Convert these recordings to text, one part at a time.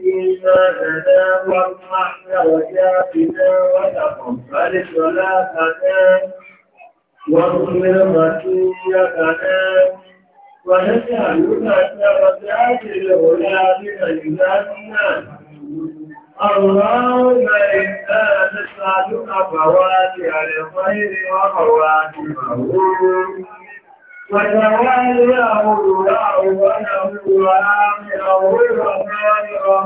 فيما لنا وارحمنا وجاهنا وتقبل صلاتنا واغفر خطيئتنا ونسألك الدرجات العلى من إيماننا اللهم إنا نسألك فواتح الخير وخواتمه وتوليه الله وله وآمره وكان رهو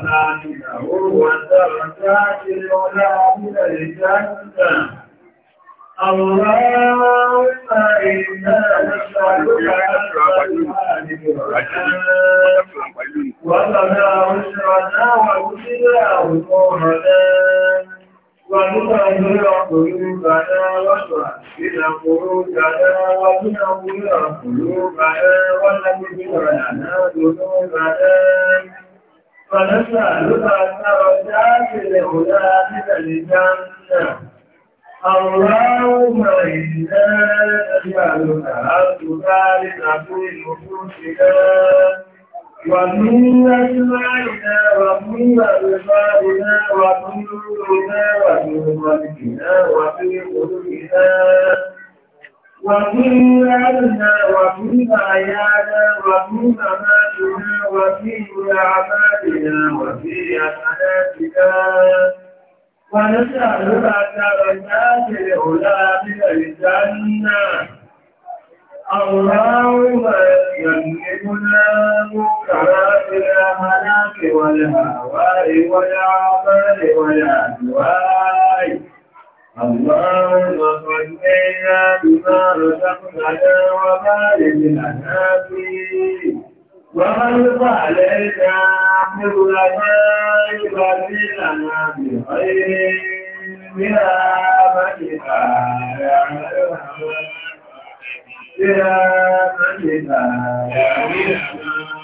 ثانيه والدرجات الأولى من الجنة اللهم إنا نسألك وصلى وسرنا وكلا وطهرنا ونفعلنا قلوبنا واصلح بنا قلوبنا وتنورنا قلوبنا ونذكر لنا ذنوبنا فنسألك الدرجات العلى من الجنة اللهم إنا نسألك أن تبارك في نفوسنا ومن أسماعنا ومن أبصارنا ومن نورنا ومن ملكنا وفي قلوبنا ومن أهلنا ومن أعيانا ومن أماتنا وفي أعمالنا وفي أماناتنا ونسألك الناس الأولى من الجنة اللهم ويا مال ويا دواي اللهم صلينا بما رزقنا وبارك لنا فيه وخلق علينا حولنا يبارك لنا بخير برحمتك يا أرحم يا مجد يا أرحم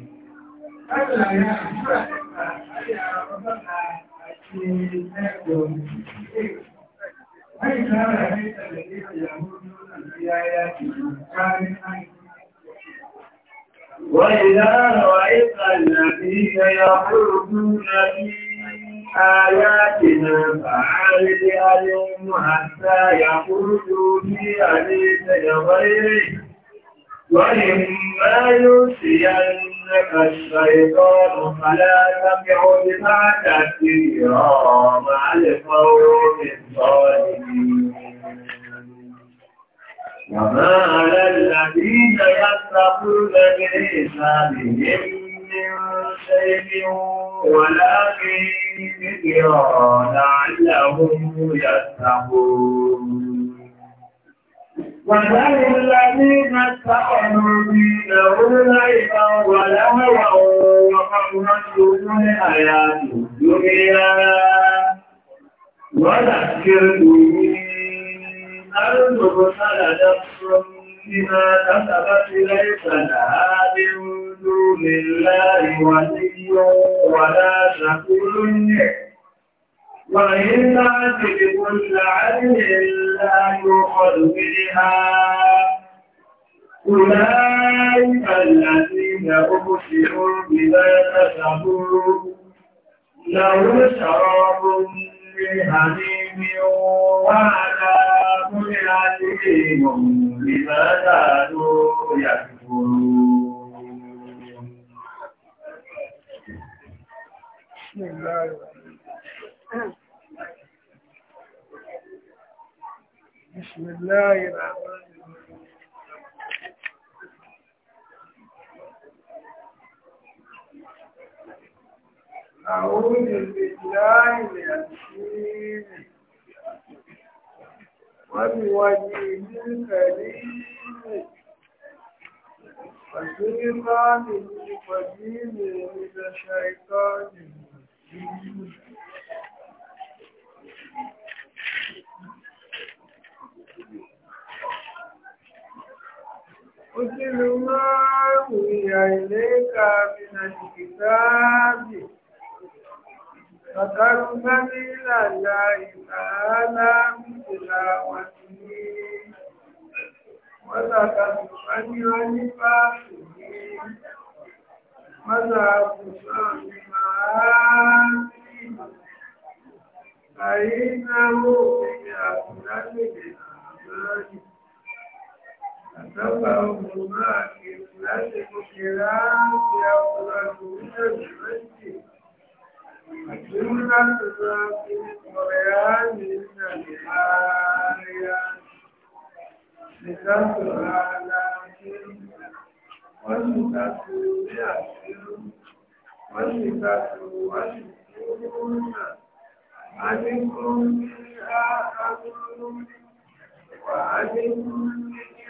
Allah ya amfura ya rabata a cikin ɗaukun Ai, tara ne da da ya mutu ya yaki kanin an وإذا رأيت الذين يخرجون في آياتنا فعالج عليهم حتى يخرجوا في حديث غيره وإما يوسينك الشيطان فلا تقعد بعد الذكرى مع القوم الظالمين وما على الذين يتقون بإحسانهم من شيء ولكن ذكرى لعلهم يتقون وذل الذين اتخذوا دينهم لعبا ولهوا وقرت سبل الحياة الدنيا وذكر به أن تبصر نفس بما كسبت ليس لها من دون الله ولي ولا شكور وإلا بكل عدل لا يؤخذ بها أولئك الذين أبشروا بما كسبوا لهم شراب من حميم وعذاب عليم بما كانوا يكفرون بسم الله الرحمن الرحيم بسم الله الرحمن الرحيم أعوذ بالله العظيم وبوجهه الكريم وسلطانه القديم من الشيطان الرجيم أتل ما أوحي إليك من الكتاب فكرم إلى الله تعالى بتلاوته وتكفني ولفاحه مذهب سامعان فإنه من أفضل الأعمال كفرهما قبلة الكلام يخرجون بالمسجد وجملة في القرآن من الآية لتصل على ولتصل بأسهم ولتصل وشكرون عليكم فيها أمر وعليكم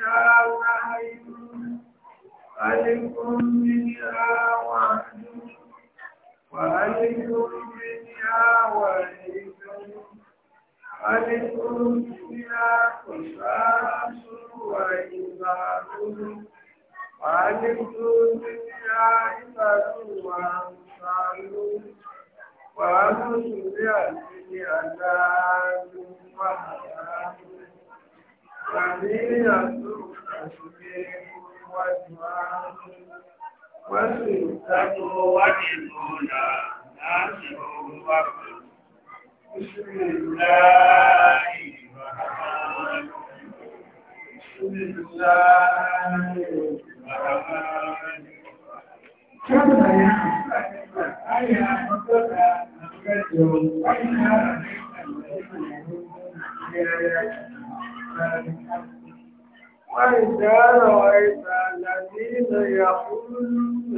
عين ألف منها وعد وألف منها وليد ألف منها قصاص وإباد وألف منها عباد وأمثال وأمثل بأسر أداد وحرام ihe na-atụụ ụmer ụ wadụaụnwase ụtaụwaeaaaaụụa eraeụaaeaaa ụụ ịarịa وإذا رأيت الذين يقولون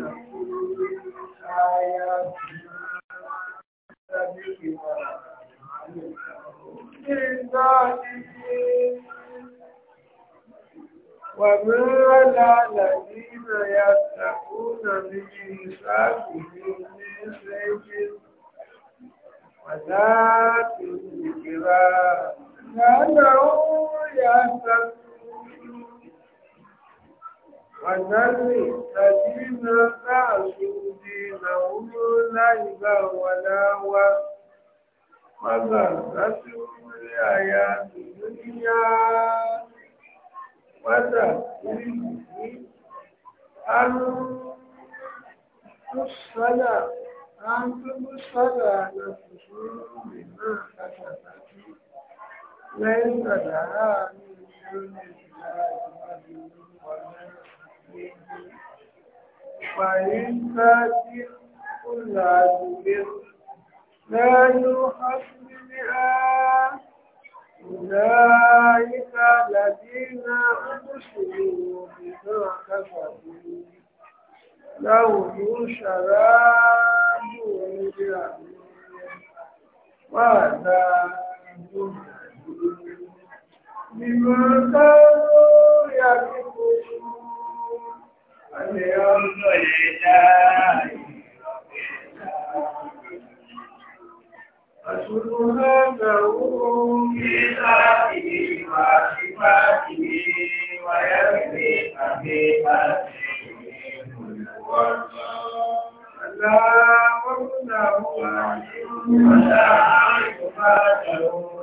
في آياتنا ومن على الذين يتقون بإنسانهم من شيء ولكن بكرام كانوا يهتدون وذل الذين بعثوا دينهم لعبا ولهوا وغرتهم الحياة الدنيا وتذكير أن تبصل أن تبصل نفس بما كسبت lẹ́yìn ọ̀dà láàárín ìlú nàìjíríà ìwádìí olúwa lẹ́yìn fàyíńtà tí ó là àdúgbò lẹ́yìn ọ̀sìnlẹ̀ أولئك الذين ولا أغنى هو ولا أعرف ما ترون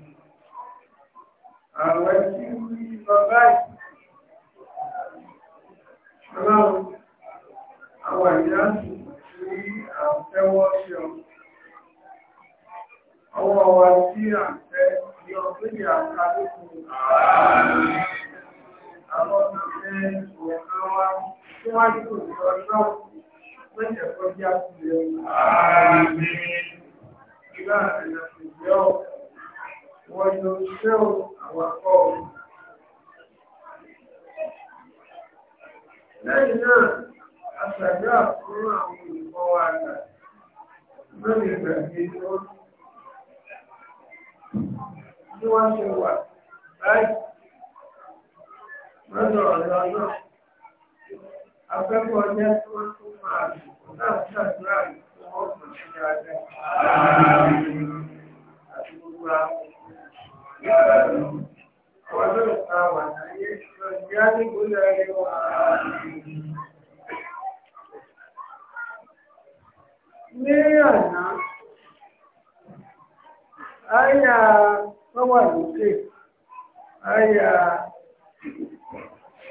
ààrẹ tí ń rí lọ báyìí ọlọ́run àwọn ìyá sí àfẹ́wọ́ ṣe ọwọ́ wa tí àfẹ́ ní ọ̀gbẹ́lẹ̀ àkàlùkù àwọn ọmọdé ọ̀kan wa tí wọ́n ní kò ní ọjọ́ eana aa ọwa aaa aeụwa aaụụ akebụ oye mụadụụa aa ụaa aaaụa يعلم وذلقى ونعيش فالجانب لا يعلم ní àná àyà lọ́wọ́ àlùkè àyà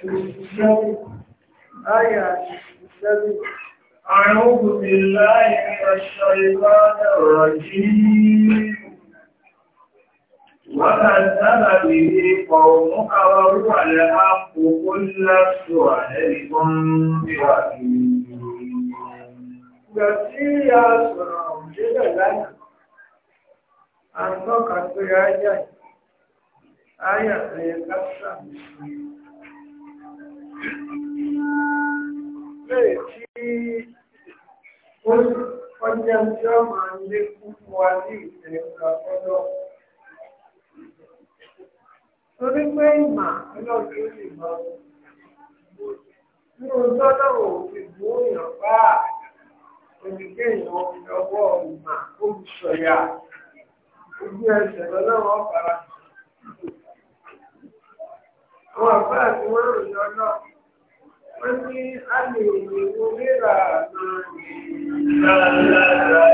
ìṣẹ́lẹ̀ àyà ìṣẹ́lẹ̀ أعوذ بالله من الشيطان الرجيم وكذب به قومك وهو الحق قل لست عليكم بوكيل Ìgbà tí a sọ̀rọ̀ òjẹ́lẹ̀ lánàá, a ń tọ́ka pé áyà áyà ẹ̀yẹ lásà lẹ́yìn tí ó kọjá tí ó máa lékún wa ní ìtẹ̀ẹ̀kà ọlọ́pàá torí pé ìmà ẹlọ́dún lè mọ ní ojú ọlọ́wọ́ òfin bò ó yàn bá oníkéèyàn fi ọwọ́ ìmà olùsọ̀yà ojú ẹsẹ̀ lọ́lọ́wọ́ fara. àwọn àgbà tí wọ́n rò yọ náà wọ́n ní a lè wo rírà náà ní ìlànà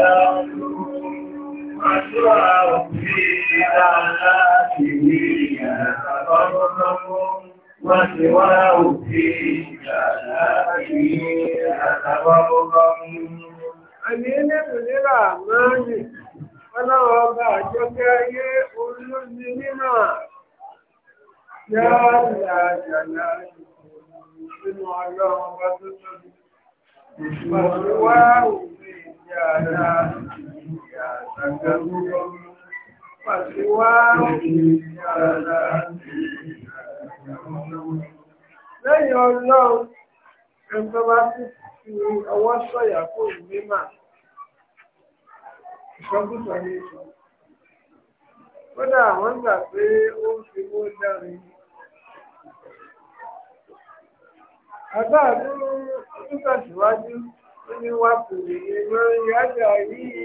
àdúrà òfin ìlànà ìwé. فيها تبرهم وسواه فيها فيها تبرهم أمين بن الرحمن ọlọ́wọ́ ọba àjọkẹ́ ayé olóògbé mímọ̀ yáàlá àjàlá nínú ọlọ́wọ́ ọba tó tóbi pàṣẹ wá òfin ìjà àdá ìjà Lẹ́yìn ọlọ́run, ẹgbẹ́ bá sí fi ọwọ́ sọ̀yà kó mímà. Ìṣọ́gùsọ ní ìṣọ́. Kódà àwọn gbà pé ó ń fi owó dárin. Àbá àdúró ọdún tẹ̀síwájú ó ní wá kò ní lórí ájà yìí.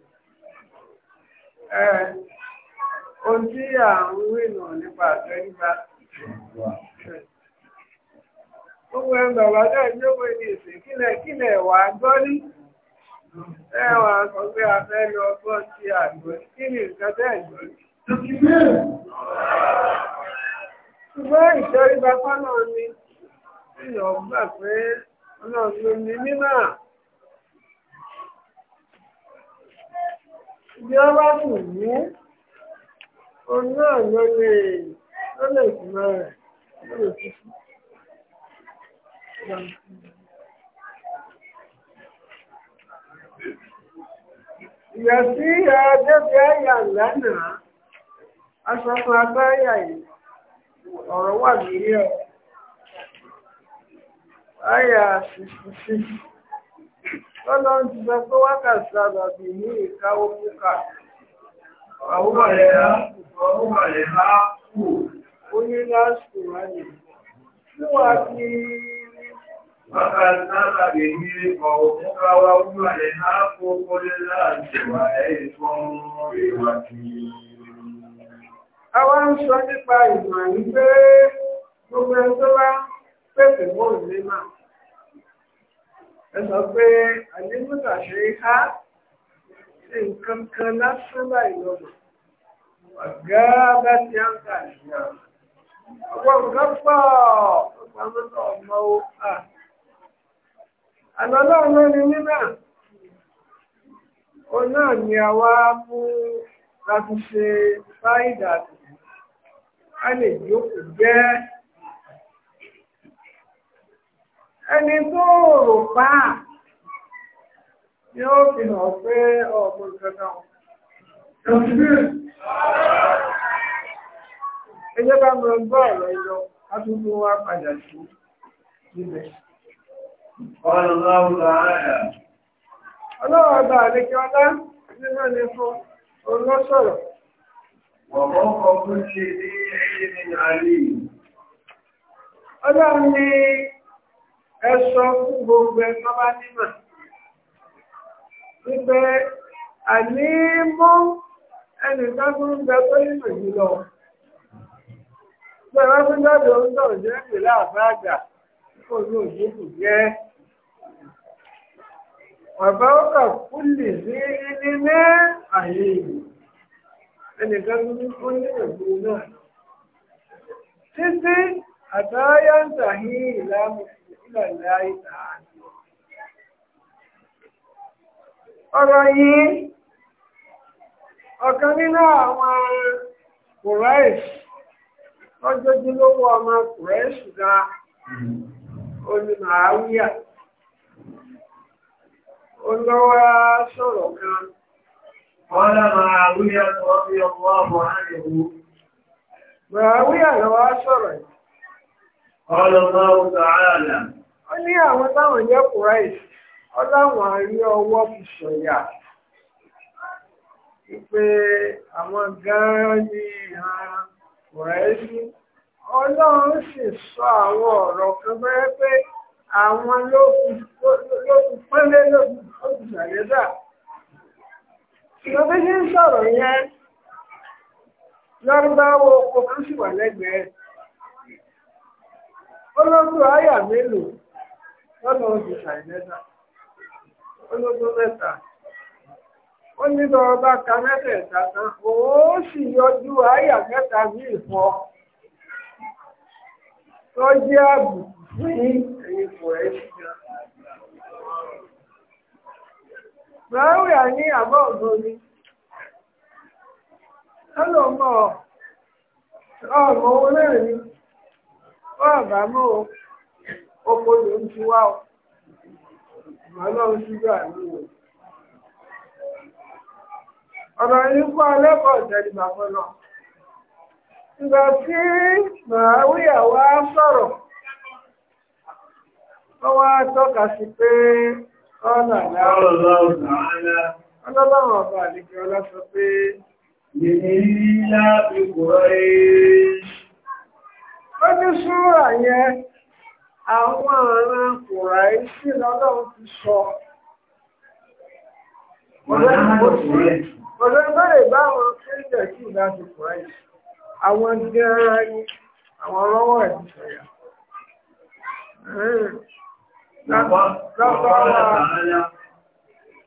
ohun tí à ń wí nù nípa àtẹríba gbogbo ẹ̀rọ bàbá ìjókòó ní ìsìn kílẹ̀ kílẹ̀ wà gbọ́ ní ẹwà sọ pé a fẹ́ lọ gbọ́ sí àgbọ̀ kí ni nǹkan tẹ́ ṣùgbọ́n ni ìyọ̀ gbà pé ọlọ́run ló ní bí ó bá sì ní òun náà ló lè ló lè kúrò rẹ̀ ló lè kúkú. Ìyàsí àdébí àyà lánàá, aṣọ fún abáyà yìí, ọ̀rọ̀ wà lórí ọ̀. Àyà 66. Ọlọ́run ti sọ pé wákàtí sábàbí ní ìkáwó púkà. Àwúbà lè ha kù, àwúbà lè ha kù. Ó ní lásìkò wá ní. Tí wà kí wákàtí sábàbí ní ìkọ̀wó púkà wá wúwà lè ha kú kó lé láti wà lẹ́yìn fún ìwà kí. Àwọn ń sọ nípa ìmọ̀ àyíké gbogbo ẹni tó bá pèsè mọ́ òun ẹ sọ pé ànímọ́tà ṣe é há sí nǹkan kan lásán báyìí lọ́dọ̀ ọ̀gá bá ti á ń kà sí àwọn ọgbọ́n nǹkan pọ̀ ọgbà mọ́tò ọmọ ó hà àná náà ló ní nínà òun náà ni àwa mú láti ṣe fáìdà a lè jókòó jẹ́ ẹni tó rò bá yóò fi hàn pé ọ̀pọ̀ ìjọba ẹjọ́ bá mọ̀ gbọ́ ọ̀rọ̀ ẹjọ́ látúntò wá padà sí ilẹ̀ ọlọ́wọ́ ọba àlékí ọlá nínú ni fún olóṣọ̀rọ̀ wọ̀n kọ́ fún ṣe ní ẹ̀yìn ní àárín ọlọ́run ni ẹ sọ fún gbogbo ẹ tọ́ba nímọ̀ wípé ànímọ́ ẹnìkan tó ń bẹ tó nímọ̀ jù lọ bẹ́ẹ̀ wọ́n fún jáde oúnjẹ òjò ẹ̀mí láàbá àgbà kò ní òjò kù jẹ́ àyè ìlú ẹnìkan ní kó nímọ̀ jù náà títí àtàyà ń tàhí ìlànà. الله ọ̀rọ̀ yìí ọ̀kan nínú àwọn ma ọjọ́júlówó ọmọ kùrẹ́ẹ̀ṣì ga olùmọ̀áwíyà olówó sọ̀rọ̀ kan ọ̀lá màáwíyà tó fi ọmọ ọmọ ma màáwíyà lọ́wọ́ sọ̀rọ̀ ó ní àwọn táwọn jẹ́ kúráìsì ó láwọn àrí ọwọ́ fi sọ̀yà àwọn gan-an ní ìran ọlọ́run sì sọ àwọn ọ̀rọ̀ kan bẹ́ẹ̀ pé àwọn ló fi pẹ́lẹ́ ló ṣàyẹ́dà ìgbà ṣe ń sọ̀rọ̀ yẹn oko kan sì wà lẹ́gbẹ̀ẹ́ àyà mélòó ó ní lọ ka mẹ́tẹ̀ẹ̀ta tán ó sì yọjú àyà mẹ́ta ní ìfọ́ tó jẹ́ àbùkù fún ẹ̀yìn kò ẹ̀ sí gan. Màáwíà ní àbọ̀ ọ̀gbọ́n ni. Kálọ̀ ọ kókó ló ń ti wá ọ ọlọ́run ṣúgbà ní o ọ̀rọ̀ yìí kọ́ alẹ́kọ̀ọ́ ìtẹ́lẹ̀ bàbá náà ìgbà tí màáwíyà wá sọ̀rọ̀ wọ́n wá tọ́ka sí pé ọ̀nà ọba ọlá sọ pé lábí kò àwọn ọ̀ràn kùráìsì lọ́lọ́run ti sọ ọ̀lọ́gbẹ̀rẹ̀ bá àwọn kírísẹ̀ hmm. sí ìdájú kùráìsì àwọn gẹ́rẹ́ ní àwọn ọlọ́wọ́ ìdíṣẹ̀yà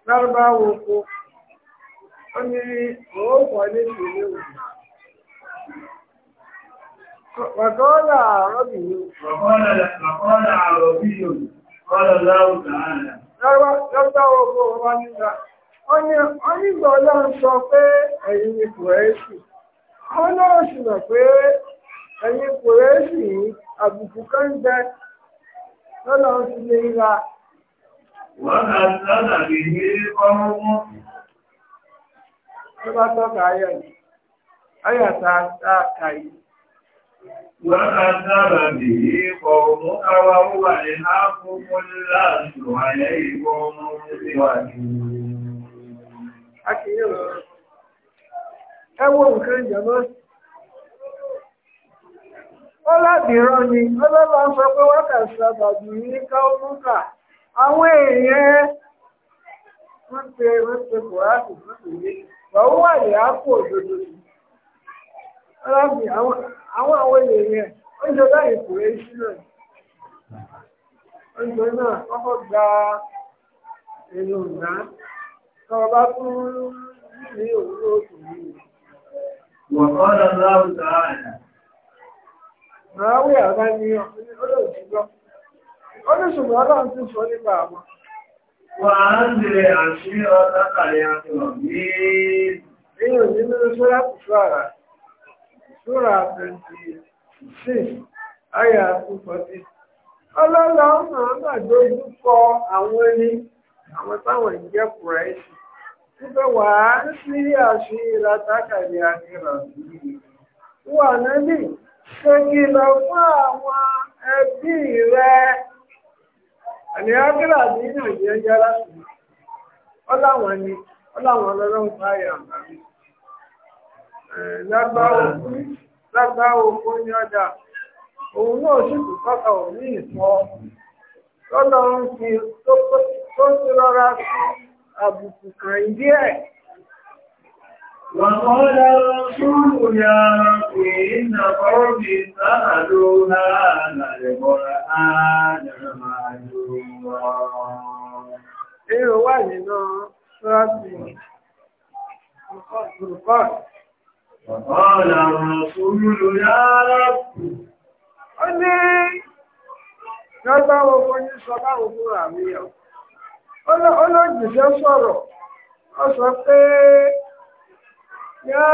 lárúbáwò kó ó ní òókọ̀ ní ìṣẹ̀lẹ̀ òjò وقال عربي وقال وقال عربي قال الله تعالى lọ́gbà ogbó ọba nígbà onígbà ọlọ́run sọ pé ẹ̀yin ni kùrẹ́sì wọ́n náà sì mọ̀ pé yìí àbùkù lè ra wọ́n ní ọmọ wọn bá tọ́ka وكذب به قومك وهو الحق قل لست عليكم Ẹwọ́ nǹkan jẹmọ́. ni, ọlọ́lọ́ ń sọ pé wákàtí àbàbì ní káúnúkà. Àwọn èèyàn wọ́n pe wà ní àpò àwọn àwọn èèyàn yẹn ó báyìí kò rẹ̀ sí náà oúnjẹ náà gba ẹnu ìgbà tọ́wọ́ bá fún ní òwúrọ̀ òkú yìí. wọ́n kọ́ lọ láwùjọ àná. màá wí àwọn. á ń àṣírí ọ̀tá ní. nínú àrà. Surah 26, Ọlọ́lọ́ màmá dojú kọ àwọn ẹni àwọn táwọn ìjẹ́ Kùrẹ́sì. Wípé wà á sí wà lọ fún àwọn ẹbí rẹ̀? Àní yára sí. ni, fáyà lágbá òkú ní ọjà òun náà sì kù òní ìsọ lọ́nà ń fi tó ń lọ́ra sí àbùkù kan díẹ̀. وقال الرسول يا رب إن قومي فقال الرسول يا رب أني Lọ́gbàwọ̀ ní sọ̀rọ̀, ọ sọ pé yá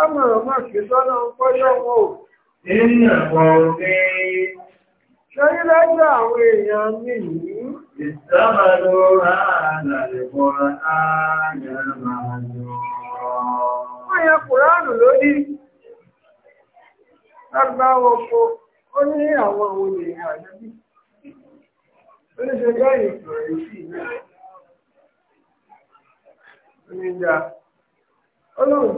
a mọ̀rọ̀ máa kì sọ́nà pọ́jọ́ wọ́n ò. Nínú ọ̀pọ̀ àwọn èèyàn mi yìí? rà wọ́n kwụrụ kùránù lórí lágbàwọ̀ onye ó ní àwọn òun èèyàn àjẹ́bí oníṣẹ́jọ́ ìpìlẹ̀ ìlú oníjà ọlọ́lọ́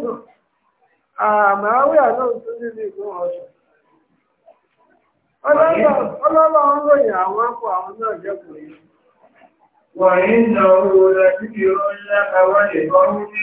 ń ròyìn àwọn akọ àwọn náà yìí rẹ̀ títí ní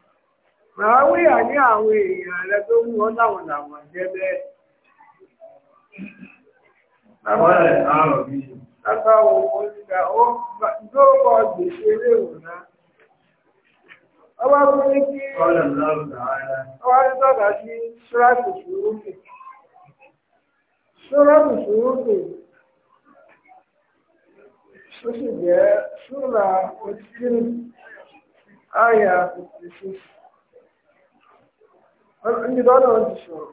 Ràwíyà ní àwọn èèyàn rẹ tó mú ọ láwọn làwọn jẹ́ bẹ́ẹ̀. Àwọn ẹ̀ àrọ̀ ó dókọ̀ gbèsè ilé ìwòná. Ọba fún ní kí ọwá ní tọ́ka sí Ṣúráàtì Ṣúrúkì. Ṣúráàtì Ṣúrúkì ó sì jẹ́ Ṣúra Òtíkírì, níbi lọ́nà ti ṣòro.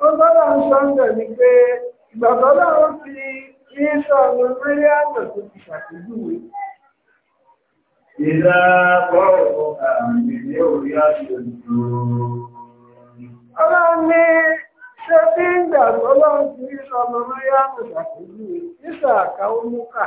Ó lọ́nà ń sọ́ndẹ̀ ni pé ìgbàtọ́lá ó fi ní sọ́nà mẹ́rí àjọ tó ti ṣàpèjúwe. Ìlà bọ́ọ̀rọ̀ àmì ní orí àṣòjò. Ọlọ́run ní ṣe bí ìgbàtọ́lá ó fi ní sọ́nà mẹ́rí àjọ ṣàpèjúwe nígbà àkáwọ́ mú kà.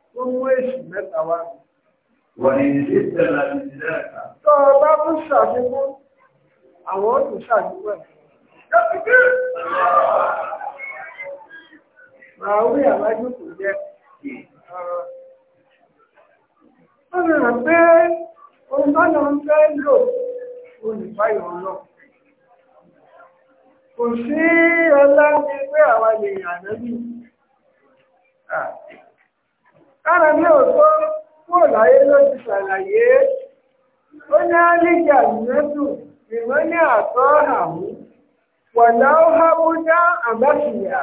ó mú èsì mẹ́ta wá mi. wọ́n ní ṣe tẹ́lá ní ìdáàkà. tó o bá tún ṣàfikún àwọn tún ṣàfikún ẹ̀. màá wí àwájú kò jẹ́. ó lè rà pé ohun bá lọ ń fẹ́ lò olùbáyọ̀ náà. kára ní òótọ́ fún ọ̀láyé ló ti ṣàlàyé ó ní ní àtọ́ àmú àbáṣìyà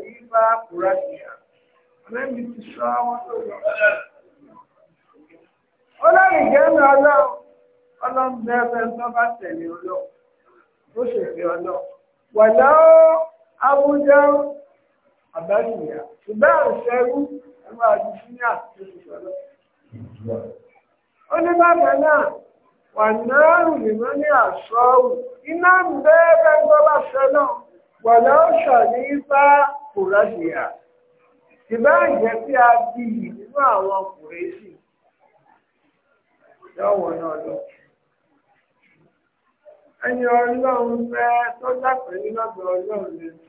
ní kùràṣìyà mẹ́bí ti sọ àwọn tó lọ. ọlọ́run bẹ́ẹ̀ bá tẹ̀lé Abuja àbáyìyà ṣùgbọ́n àṣẹrú ẹ̀rọ àdìsíyà tó ti sọ̀rọ̀. Ó ní bàbá náà wà náà rù nìmọ́ ní àṣọ́rù iná ń bẹ́ẹ̀rẹ̀ gbọ́bá ṣẹ náà wà náà ṣàní bá kùrẹ́sìyà. Ìbá ìjẹ́ tí a bí yìí nínú àwọn kùrẹ́sì lọ́wọ́ náà lọ. Ẹni ọlọ́run fẹ́ tó dápẹ́ nílọ́dọ̀ ọlọ́run lè fi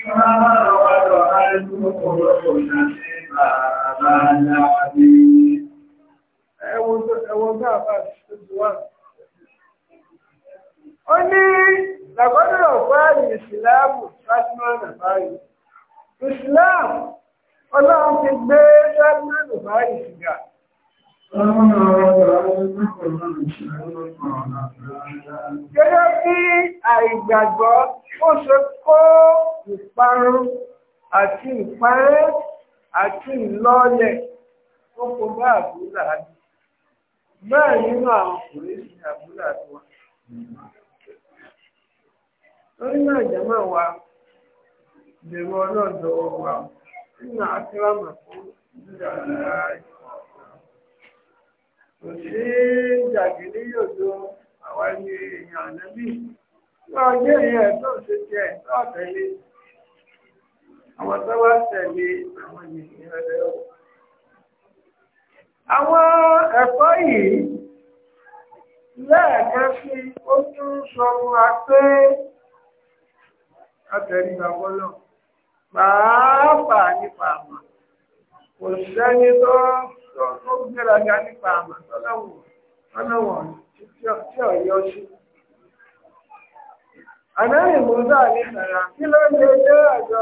Ó ní làgbọ́dọ̀ fáàrí ìsìláàmù Fátímọ́nà fáàrí. Ìsìláàmù, ọlọ́run ti gbé Fátímọ́nà fáàrí sìgá. Gẹ́gẹ́ bí àìgbàgbọ́, ó ṣe kó ìparun àti ìparẹ́ àti ìlọ́lẹ̀ tó kò bá àbúlà àbí. Bẹ́ẹ̀ nínú àwọn ọkùnrin sí àbúlà tó wà. Lórí náà jẹ́mọ̀ wa, bẹ̀rù ọlọ́dọ̀ wa, nínú àkírámà fún ìdíjà ìlú kò sí jàgì ní yòjó àwọn ẹni èèyàn ànábì náà jẹ́ èèyàn tó ṣe jẹ́ náà tẹ̀lé àwọn tó wá tẹ̀lé àwọn ènìyàn rẹ̀ o. àwọn ẹ̀kọ́ yìí lẹ́ẹ̀kan sí ó tún sọ fún wa pé àtẹ̀rígbà bọ́lọ̀ pàápàá nípa àmà kò sẹ́ni tó sọ tó gbéraga nípa àmà tọ́lọ́wọ̀ tọ́lọ́wọ̀ tí ọ̀yọ́ sí. Àdáyé Mùsá ní Sàrà kí ló lè jẹ́ àjọ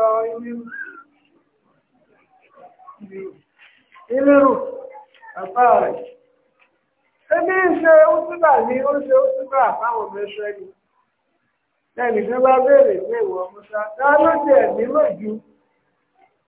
ìlérò àpá rẹ̀. Ebi ń ní ṣe òtúbà fáwọn mẹ́sẹ́ni.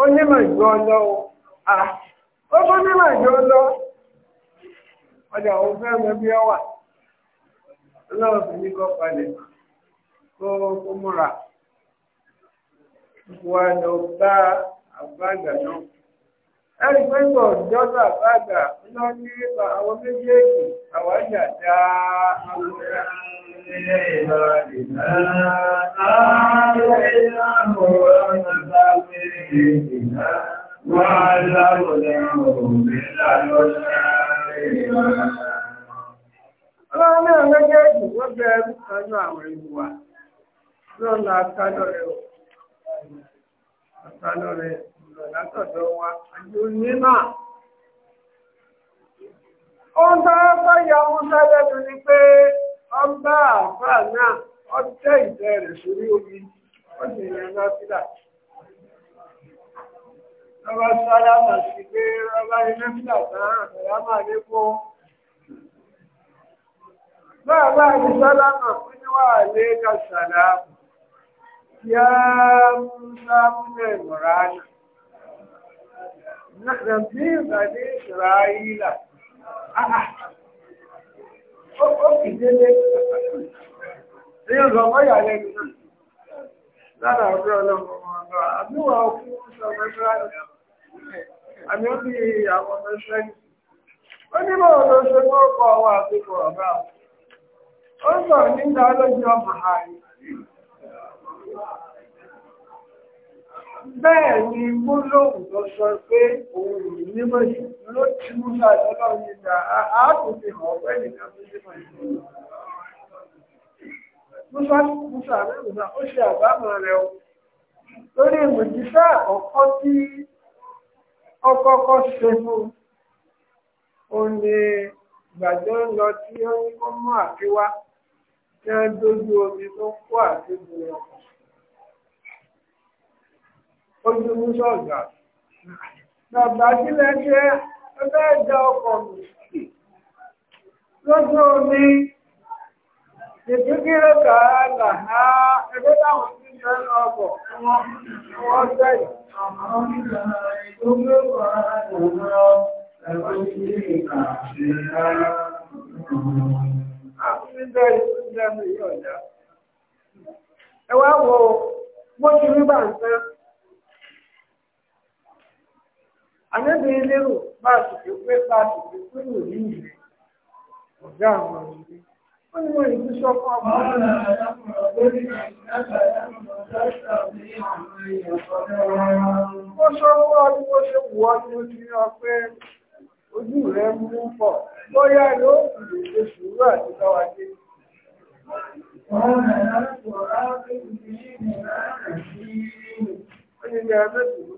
ó nímọ̀ ìjọ ọlọ́ ó tún nímọ̀ ìjọ ọlọ́ ọjà òun fẹ́ mọ bí ọ wà ọlọ́run sì ní kọ́ palẹ̀ kó kó múra wà lọ bá àgbàgbà náà ẹni pé kò jọ́dọ̀ àgbàgbà lọ ní àwọn méjèèjì àwájà dáa àwọn ọ̀rẹ́. إليها إذا نادى إله ومسافرينها وعذبناه látọ̀dọ̀ wa. Àjò onímọ̀. Ohun tó wá bá ìyá wọn pé ọ bá àfà náà ọ tẹ́ rẹ̀ sórí omi ó sì yẹn lọ́sílà. Lọ́ba sọ́lá sí pé ọba iná fílà tán máa lé fún. Báà àti sọ́lá fún níwà lé Nàbí ó kì délé ní ọ̀sán mọ́yà lẹ́nu náà lára ọ̀rẹ́ ọlọ́mọ ọ̀rọ̀ àbúwà ọkùn ọmọ ìsirayọ̀ àmì ó bí àwọn ọmọ ìsirayọ̀ ó ní mọ̀ ṣe mọ́ àwọn bẹ́ẹ̀ ni gbólóhùn tó sọ pé òun ò ní mọ̀jù ló ti mú láti ọlọ́run nígbà ààbò fi hàn ọ̀pẹ́ nìkan tó ṣe mọ̀jù. Musa Musa Amẹ́rùnà ó ṣe àbámọ̀ rẹ̀ lọ tí ó ní mú àkíwá tí wọ́n dójú omi tó ń kó àkíwá ọkọ̀ ojú mú sọ̀gà bàbá sílẹ̀ ṣe ẹgbẹ́ ìjà ọkọ̀ lọ́jọ́ omi ìpínlẹ̀ kààlà ha ẹgbẹ́ táwọn tí ń ọkọ̀ wọ́n sẹ́yìn Ẹ wo, mo ti rí bá ń sẹ́. àlẹ́bí lérò bá a tètè pé bá a tètè pé lò ní ìlú ọ̀gá àwọn ìlú wọ́n ní wọ́n ìlú sọ fún ọmọ ọ̀gá wọ́n sọ fún ọ bí wọ́n ṣe wù ọ́ ní ojú yọ pé ojú rẹ mú pọ̀ bóyá ló kù lè ṣe sùúrù àti lọ́wọ́dé. Wọ́n ní ẹgbẹ́ tòun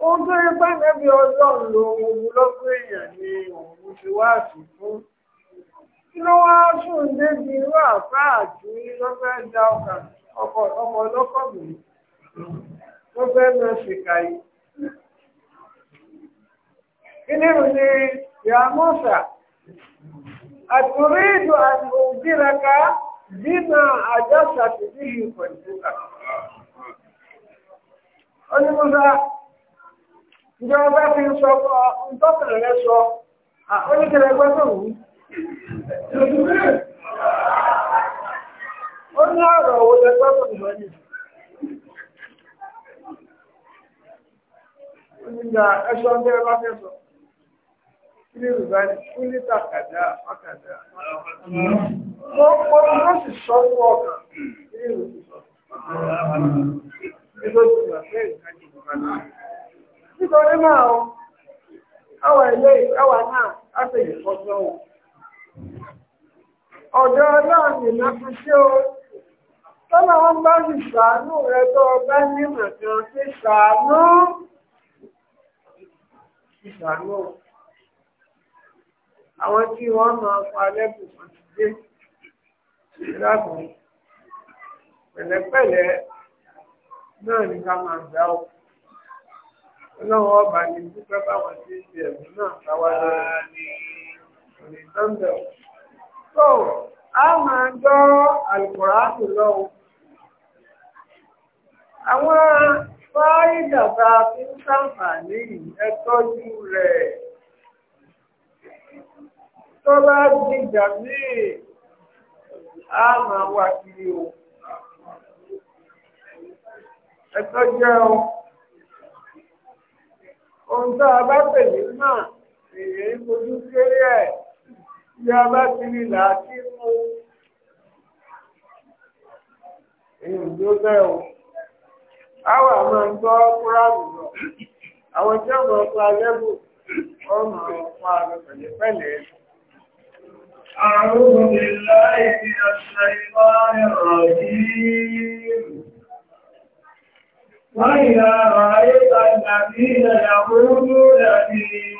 Oúnjẹ ipá nẹ́bí ọlọ́run ló ogun èèyàn ni òun ti wá sí fún. Kí ló wá sùn débi irú àfáà àti lọ́fẹ́ da ọkọ̀ ọmọ ọlọ́kọ̀ mi tó fẹ́ lọ ṣìkà yìí. Kí ni mo ní ìyá Ó ní ǹjẹ́ wọ́n fẹ́ fi ń sọ ǹtọ́kùnrin rẹ sọ oníkẹrẹ ẹgbẹ́ tó wù ú. ó ní ọ̀rọ̀ òun ẹgbẹ́ tó wù lọ́yìn. Onígbà ẹ̀ṣọ́ ń bẹ́ẹ̀ bá fẹ́ sọ. Ilé Yorùbá ní tàkàdá sì sọ fún sọ. nítorí náà o àwa ilé àwa náà á sì yí fọ́jọ́ wọn. ọ̀dọ̀ ọlọ́run nìyẹn fi ṣe o tọ́lá wọn bá sì ṣàánú rẹ tó o bá ní màtí wọn ti ṣàánú. ìṣàánú àwọn tí wọ́n máa fa lẹ́bùn kan ti dé ìlànà pẹ̀lẹ́pẹ̀lẹ́ náà ní ká máa gbá ọkọ̀ ọlọ́run ọba ní dúpẹ́ báwọn tí ń ṣe ẹ̀mí náà káwá lọ́rọ̀ òní sọ́ńdẹ̀. so a máa gbọ́ àlùkòránù lọ́wọ́ àwọn fáyidà tá a fi ń ṣàǹfààní ẹ tọ́jú rẹ̀ tó bá dìgbà míì a máa wá kiri o ẹ tọ́jú ẹ o. ohun tá a bá pèlè náà èyí ń fojú kéré ẹ̀ a bá ti rí là mú èyí ń bẹ́ẹ̀ o. Àwọn àmọ́ ń gbọ́ kúránù lọ. Àwọn tí wọ́n pa lẹ́bù ọmọ ọ̀pá pẹ̀lẹ́pẹ̀lẹ́. أعوذ بالله من الشيطان الرجيم وإذا رأيت الذين يقولون في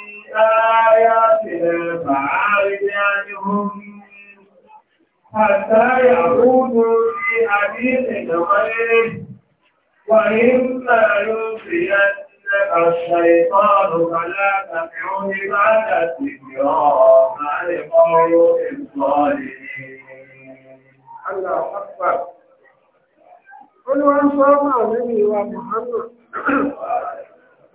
آياتنا فأعرض عنهم حتى يعودوا في حديث غيره وإما ينسينك الشيطان فلا تدع بعد الذكرى مع القوم الظالمين. الله أكبر. قل وأنصرنا النبي ومحمد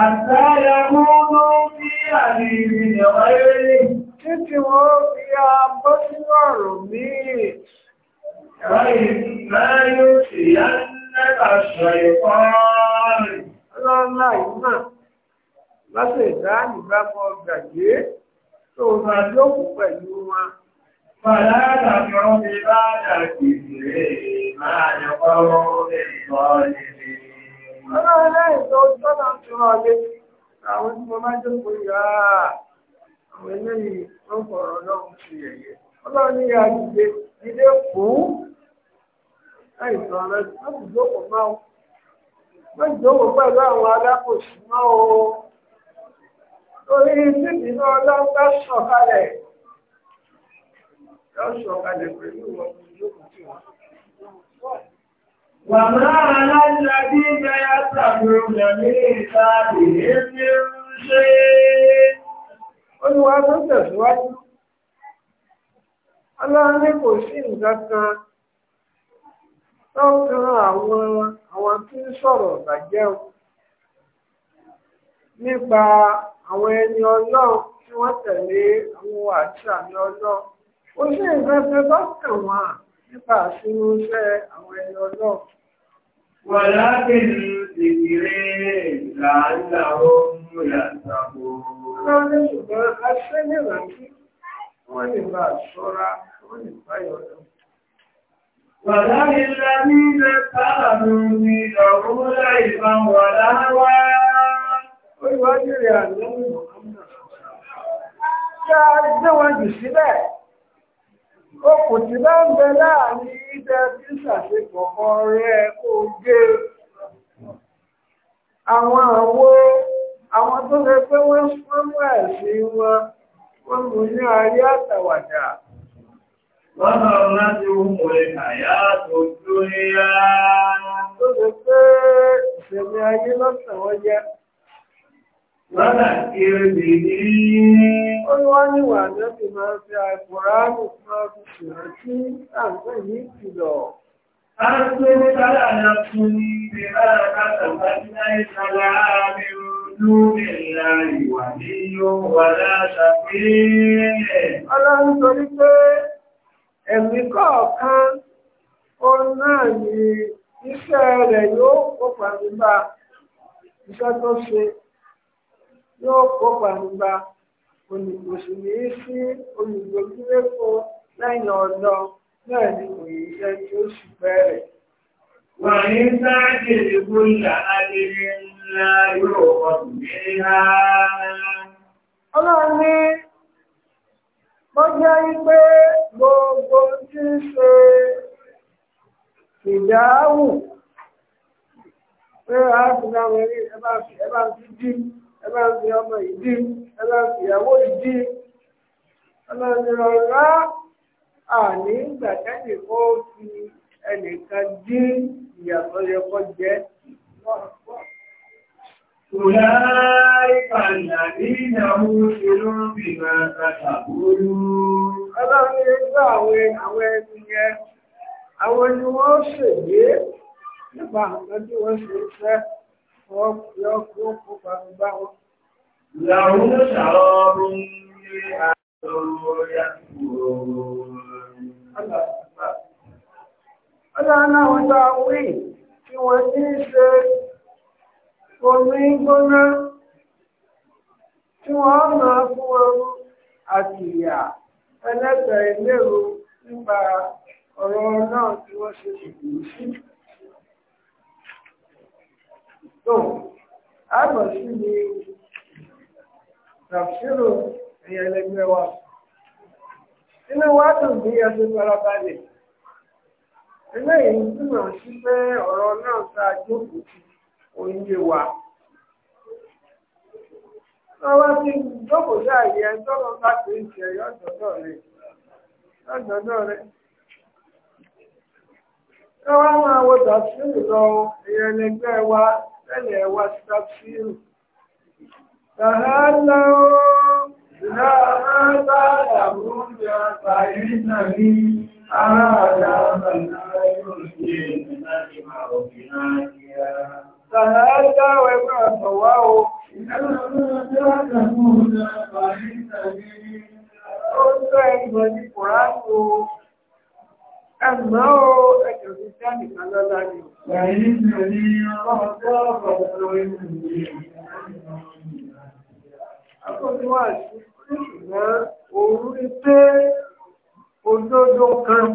Àtà yàmúnú bí àrí ìrìnà wáyé ní. Títí wọ́n fi a bọ́ sínú ọ̀rọ̀ míì. Láyé sí yá nẹ́ta ṣọ ìfọ́ọ̀rì. Ọlọ́lá ìmọ̀, lọ́sẹ̀ ìdáàmì bá mọ́ gbàgbé tó máa lókù pẹ̀lú wọn. Fàlá àtàkì ọmọ ìbá àdàkì ìrẹ̀ máa yọ̀kọ́ Ọlọ́run lẹ́yìn tó tọ́nà tí wọ́n lé àwọn tí mo máa jókòó yá àwọn eléyìí tó fọ̀rọ̀ lọ́hùn sí ẹ̀yẹ. Ọlọ́run àwọn alákòóso máa ó. Torí síbi ọlọ́run bá sọ̀kalẹ̀. Yọ sọ̀kalẹ̀ pẹ̀lú ìwọ̀n وما على الذين يتبعون ميثاقهم من شيء Olúwa tó tẹ̀síwájú. Ọlọ́run ní kò sí nǹkan kan tó ń kan àwọn àwọn tí ń sọ̀rọ̀ bàjẹ́ o. Nípa àwọn ẹni ọlọ́run tí wọ́n tẹ̀lé àwọn àṣà ní ọlọ́run. Kò sí nǹkan tó kàn wọ́n nípa àṣírúnṣẹ́ àwọn ẹni ọlọ́run. Wọ́n láti ní ìgbìrì ìlànà ohun Wọ́n ní ṣùgbọ́n a ní ìrántí, wọ́n lè bá ṣọ́ra, wọ́n lè bá yọ̀dọ̀. Wàlá ìlà ní ilẹ̀ tààrù ni ìrọ̀rùn láì bá wà láwá. rẹ̀ àlọ́ ìmọ̀ Okùn tí bá ń bẹ láàrin ìdẹ́ tí ṣàṣepọ̀ kan kó àwọn àwọn tó lè pé wọ́n mú ẹ̀sìn wọn wọ́n mú ní ayé àtàwàdà. Wọ́n máa ń rántí ayé Lọ́nà ìrìnbì ní olúwáníwà náà ti máa fi àìkùránù máa fi ṣìrán sí àgbẹ̀ ní ìkìlọ̀. A ń tó ní sára ní ọkùn ní ibi lára kátàkà ní láìsára àmì lórí ìwà ní yóò wà pé ọlọ́run torí yóò kópa nípa oṣù yìí sí olùdókòwò lẹ́yìn ọ̀dọ́ náà ni kò yí iṣẹ́ tí ó sì bẹ̀rẹ̀. Wàyí sáàjì ìbú ìyá adìrẹ ńlá yóò ọdún níhá. Ọlọ́run ní wọ́n jẹ́ wípé gbogbo tí ń ṣe ìdáhùn pé a ti dáwọn eré ẹ bá fi dí ẹ bá ń fi ọmọ ìdí ẹ bá ń fi ìyàwó ìdí ọlọ́nira ọ̀rá àní gbàtẹ́nì kó fi ẹnìkan dín ìyàtọ̀ yẹ kó jẹ́. Ọláìkà ìlàdí ìyàwó ìlú bí máa kàtàkùrú. àwọn ni wọ́n ṣègbé nípa àwọn tí wọ́n ṣe fẹ́ yọ kó kó pàmì bá wọn. Ìyàwó ṣàrọ̀ ọdún ní àtọ̀rọ̀ yàtúrò. Ọjọ́ náà wọ́n dá wí tí wọ́n ní ṣe omi gbóná tí to haka shi ne tafsirin ìyẹlẹgbẹ́ wa inú wa dùn bí a ṣe farabalẹ̀ eléyìí túmọ̀ sí pé ọ̀rọ̀ náà ta jókòó oúnjẹ wa lọ́wọ́ tí jókòó sáàyè ẹjọ́rọ̀ ń ṣe yọ́dọ̀dọ̀ rẹ̀ yọ́dọ̀dọ̀ rẹ̀ máa tàbí lọ wa. tẹ́lẹ̀ wá sí tábísírù. Tàhálà ó ìlà àbá àbúrò ìjà àbáyé náà ní àádá àbàlá yóò ṣe ìrìnà ìmọ̀ òfin náà kíá. Tàhálà ó ẹgbẹ́ àtọ̀wá o. Ìjọba àbúrò ìjà àbáyé náà ní àádá àbàlá yóò ṣe ìrìnà ìmọ̀ òfin náà kíá. Ẹ̀mọ́ o, ẹjọ̀ ti tẹ́ nìkan lọ́lá ni. Ẹ̀yí ni ní ọlọ́run tó ọ̀pọ̀ ọ̀pọ̀ ìrìn. Akọ́ni wà sí ṣùgbọ́n òun rí pé òdodo kan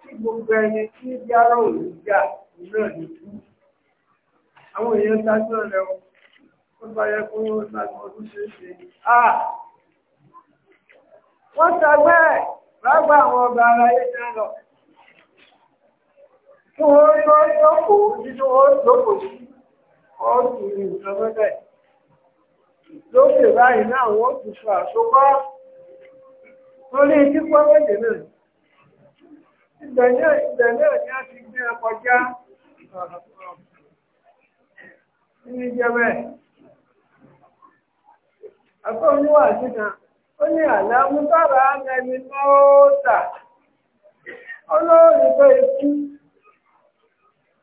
tí gbogbo ẹni tí yára òun jà náà ní kú. Àwọn èèyàn dájú ọ̀rẹ́ o, ó kó ó sáré ọdún ṣe é ṣe. Wọ́n sọ bẹ́ẹ̀, bá àwọn ọba ara yé náà kí wọ́n rí wọ́n lọ́pọ̀ nínú wọ́n lọ́pọ̀ sí wọ́n tù ní nǹkan mẹ́lẹ̀. lókè báyìí náà wọ́n tù sọ àsopá lórí tí pọ́wọ́dé náà. ibẹ̀ náà ibẹ̀ náà ni a ti gbé ọkọjá. nínú ìjọba ẹ̀ àkọ́níwà síta ó ní àlámú tábà ẹni náà ó tà olóòrùn tó ikú.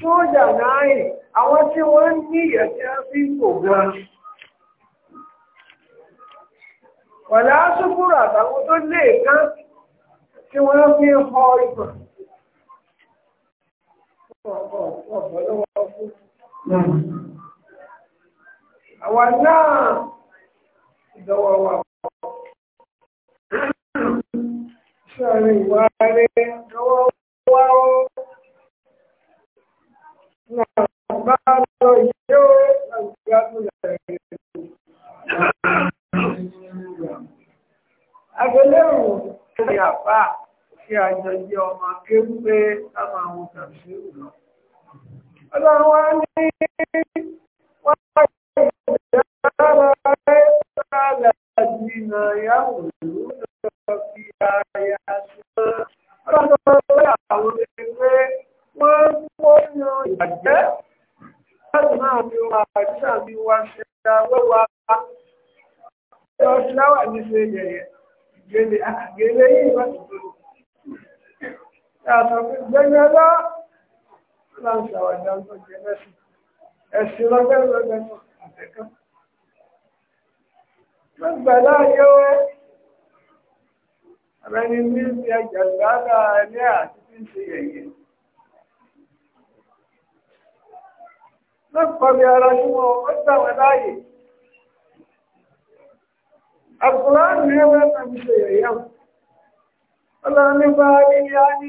sójà náà àwọn tí wọ́n ní ìyẹ̀kẹ́ fi kò gan pẹ̀lá ṣúkúrò àtàwọn tó lè kán tí wọ́n fi ń họ ìgbà àwa náà ìdọ̀wọ̀ wà sọ̀rọ̀ ìwà rẹ̀ lọ́wọ́ wá ó Agbélẹ̀rù ní àpá kí àjọ jẹ́ ọmọ kéwú pé a máa wọn tàbí lọ. Ọlọ́run wá ní ẹlẹ́sìn ẹ̀sìn lọ́gbẹ́lọ́gbẹ́ náà àtẹ̀kán. wọ́n gbà láàyè ó abẹ́ni ní ti àjàgbádà ní àti tí ń ṣe yẹ̀yẹ́. wọ́n kọ́ bí ara tí wọ́n ó gbà wọ́n láàyè. àkùrá ni wọ́n máa ń ṣe yẹ̀yẹ́. ọlọ́run nípa ayé ni a ní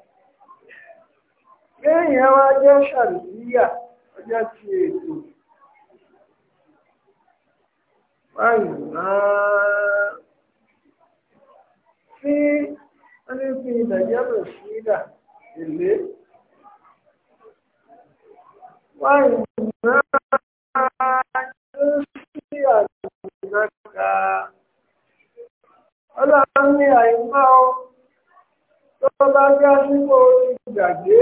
kéèyàn wá jẹ́ ṣàlùyà ọjọ́ ti ètò báyìí náà tí wọ́n ní fi ìdàjẹ́ lò sí ìdà èlé báyìí náà ló sí ọlọ́run ní àyíká ó tó bá já sípò ìgbàgbé.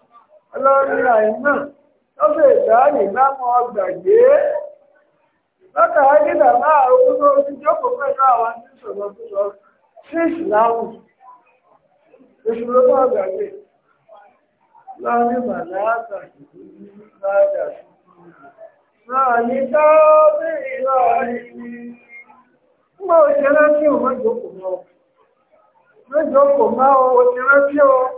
ọlọ́rin àìmọ̀ lọ́bẹ̀ ìdáàlì lámọ́ ọgbàgbé lọ́kà ágídà máa ogun tó ti jókòó pẹ̀lú àwọn tí sọ̀rọ̀ tó sọ sí ìsìláhùn oṣù ìlú ní mọ́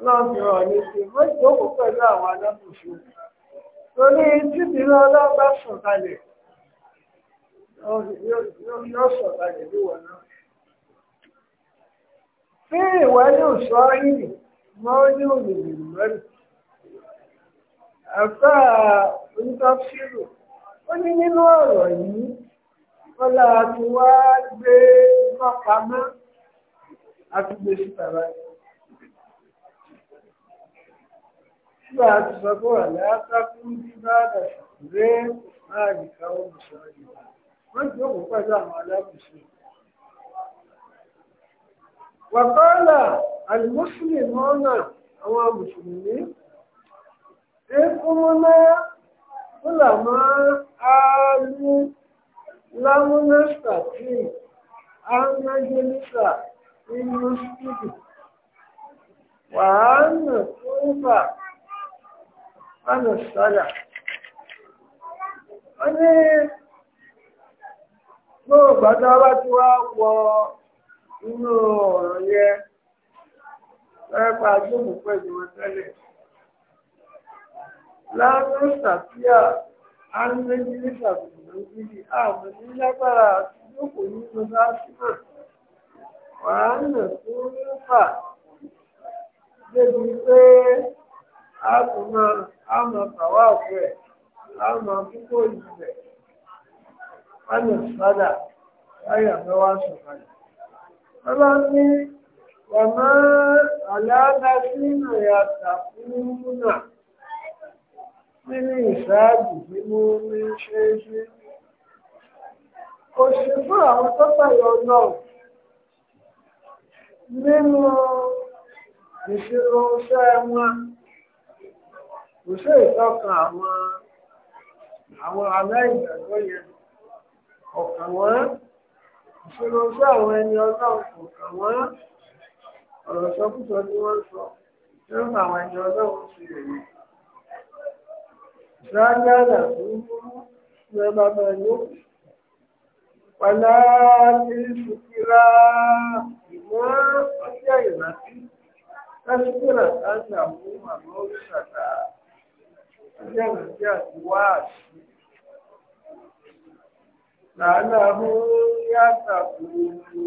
náà ní ti wọ́n jókòó pẹ̀lú àwọn alábùsùn torí títí náà lọ́gbà sùn Fí ìwé ní òṣùwà yìí mọ́ ní òyìnbó mẹ́rin. Àgbà onítọ́sírò ó ní nínú ọ̀rọ̀ yìí wọ́n lára wá gbé mọ́pamọ́ àti gbèsè tàbí. nígbà tí sọ pé wà látàkùn bí bá dà ré máa yìí káwọ́ mùsùlùmí ìgbà wọ́n ti yóò pẹ̀lú àwọn alábùsùn. wàkọ́ọ̀là àlùmọ́sùlùmí ọ̀nà àwọn mùsùlùmí ekumuna fúlàmọ́ áálú lámúnásà tí ánájẹ́lísà inú sídì wàhánà tó ń fà ánà sálà wọ́n ní gbogbo gbàtà bá ti wá wọ inú ọ̀rọ̀ yẹ lẹ́pàá agbóhùn pẹ̀lú wọn tẹ́lẹ̀ láàrín sàfíà arínlẹ́jì ní sàfihàn gidi àmì ní lágbára àtúnyòkò nínú lásìkò wàá nà fún nípa débi pé a kò máa ama tàwáàfù ẹ̀ àmọ́ púpọ̀ ìjìnlẹ̀ àmọ́ ìfádà láyà mẹ́wàá sọ̀kalẹ̀. Bọ́lá ní wàmá àlàáda sínú ìyàtà ya nínú ìsáàbù tí mo ní ṣe é ṣe. Òṣì fún àwọn tó tẹ̀yọ náà ìṣirò iṣẹ́ wọn. kò sí ìtọ́ka àwọn àwọn aláìgbàgbọ́ yẹn ọ̀kàn wọ́n ìṣòro sí àwọn ẹni ọlọ́run kò kàn wọ́n ọ̀rọ̀ sọkúsọ tí wọ́n sọ nínú àwọn ẹni ọlọ́run sí èyí ìṣáájú àdà tó ń mú ní ẹbá bá yóò pàlá ní ṣùkúrà ìmọ̀ ọjọ́ ìrántí lásìkò rà sáńtà fún àmọ́ òṣàkà. làálàáhùn yàtà gbogbo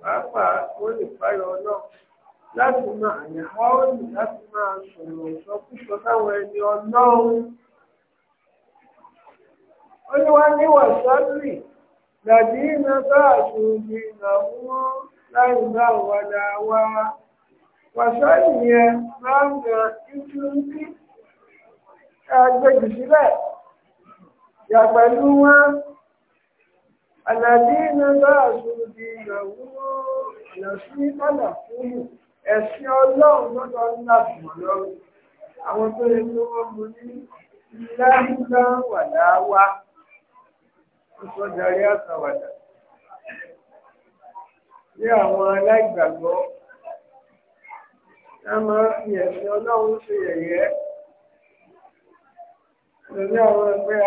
pàápàá na lè fáyọ náà láti máa àyàwó òní láti máa sọ̀rọ̀ ìsọkúsọ táwọn ẹni ọlọ́run. ó ní wá ní wàsálì làdí iná bá àṣòjì ìnáwó láì bá wàdà wa wàsálì yẹn máa ń gbà títí ẹgbẹ́jì sílẹ̀ yà pẹ̀lú wọn àlàdí iná bá àṣùrù di ìràwú ìrànṣí mọ́nà fún ẹ̀sìn ọlọ́run lọ́dọ̀ ńlá fún ọlọ́run àwọn tó lè tó wọ́n mú ní ìlànà wàdáwá ìsọjàrí àtàwàdà ní àwọn aláìgbàgbọ́ ẹ máa ọlọ́run ṣe yẹ̀yẹ́ lórí àwọn ẹgbẹ́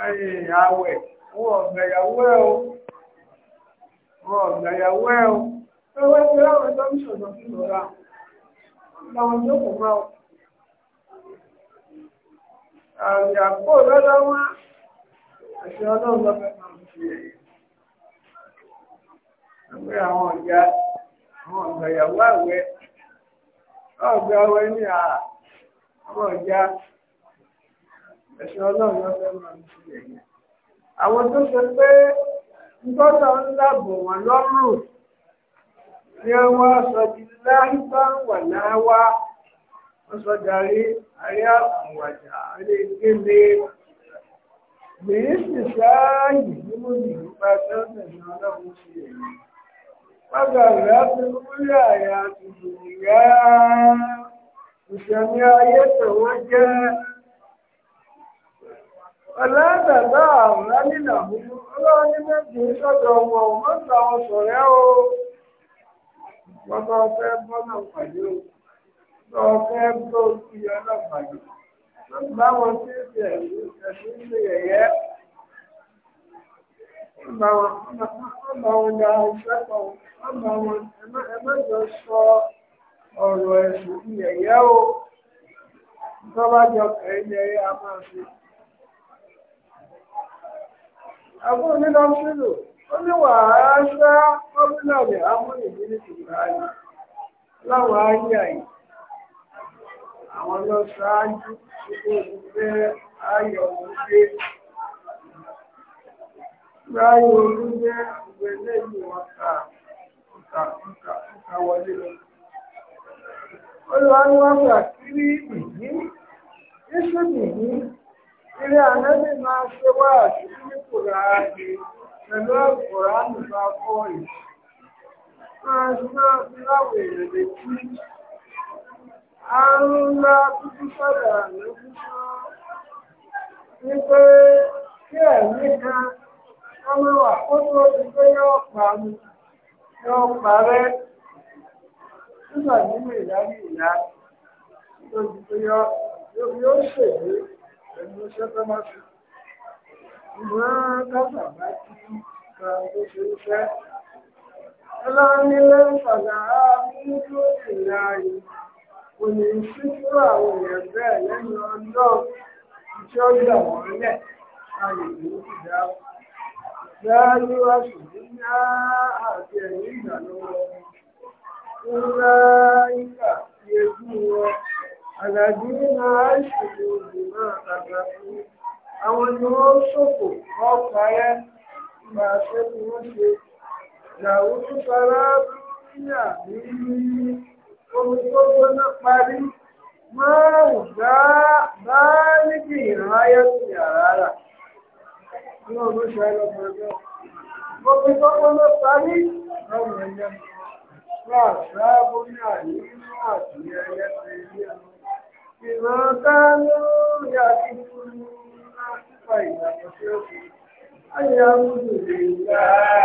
àwẹ̀ wọ́n ọ̀gbẹ̀yàwó ẹ̀ o wọ́n ọ̀gbẹ̀yàwó ẹ̀ o tó wọ́n ti láwọn tó ń ṣọ̀dọ̀ sí lọ́ra láwọn tó kò máa o. àmì àpò lọ́dọ̀ wọn àṣẹ ọlọ́run lọ́fẹ́ máa ń fi ẹ̀. ẹgbẹ́ àwọn ọ̀gá àwọn ọ̀gbẹ̀yàwó àwẹ̀ ọ̀gbẹ̀ àwẹ̀ ní àwọn ọ̀gá ẹ̀sìn ọlọ́run lọ́fẹ́ máa ń ṣe ẹ̀yà àwọn tó ṣe pé ńgọ́dọ̀ ń dàbò wọn lọ́rùn ni wọ́n sọ di láìpá wà láwá wọ́n sọ darí ayé àwàjà ayé gbélé gbèsè sáàyè nínú ìrúpa tó ń tẹ̀sán ọlọ́run ṣe ẹ̀yà. Wágbàgbà ti múlẹ̀ àyà àti ìrìnlẹ̀ ìṣẹ̀mí ayé tẹ̀wọ́ jẹ́ Ọlọ́dàgbà àwòrá nínà fún ọlọ́run ní méjì sọ́dọ̀ wọn ò mọ́ àwọn sọ̀rẹ́ o. Bọ́bá ọfẹ́ bọ́nà pàdé o. Bọ́ ọfẹ́ bó ti ọlọ́ pàdé. Bá tí ó ti ẹ̀sùn ṣe yẹ̀yẹ́. Ọba wọn da iṣẹ́ kan. ẹ má jọ sọ ọ̀rọ̀ ẹ̀sùn yẹ̀yẹ́ o. Bọ́bá jọ kẹ̀yìn yẹ̀yẹ́ a máa ṣe àbúrò nílọ sílò ó ní wàá ṣá gómìnà rẹ̀ amúnì nínú ìgbàanì láwọn ayé àyè àwọn lọ ṣáájú gbogbo ìgbẹ́ ayọ̀ òde ráyè olúgbẹ́ ìgbẹ́ lẹ́yìn wọn kà kà kà kà wọlé lọ. olùwárí wọn gbà kiri ìdí ìṣèlú yìí. Ilé ànẹ́bì máa ṣe wá àṣírí ní Kùránì pẹ̀lú ẹ̀kùrá nípa fọ́ọ̀lì. Máa ṣe máa fi láwọ̀ èèyàn létí. Àrùn ńlá tuntun sọ̀rọ̀ ànẹ́bì sọ wípé kí ẹ̀mí kan ọmọ wà kó tó ti pé yóò pa mi yóò nígbà ẹni ló ṣẹ́ fẹ́ máa ṣe ti ka kò ní sí àwọn èèyàn bẹ́ẹ̀ lẹ́yìn ọjọ́ tí ó wọ́n lẹ̀ ayé ló ti dá dájú àṣùgbọ́n ní àti ẹ̀yìn ìgbà lọ́wọ́ àlàdínà àìṣòro ìgbìmọ̀ àgbàfún àwọn ni wọ́n ṣòfò wọ́n parẹ́ ìgbà ṣe ni wọ́n ṣe ìyàwó tó fara níyà ní omi tó gbóná parí márùn bá níbi ìrànláyà sí yàrá ní ọdún ṣe lọ́mọdé omi tó gbóná parí lọ́mọdé láàbù ní àyè nínú àtúnyẹyẹ sí ilé ọmọ ìrànkánú yàtí fún un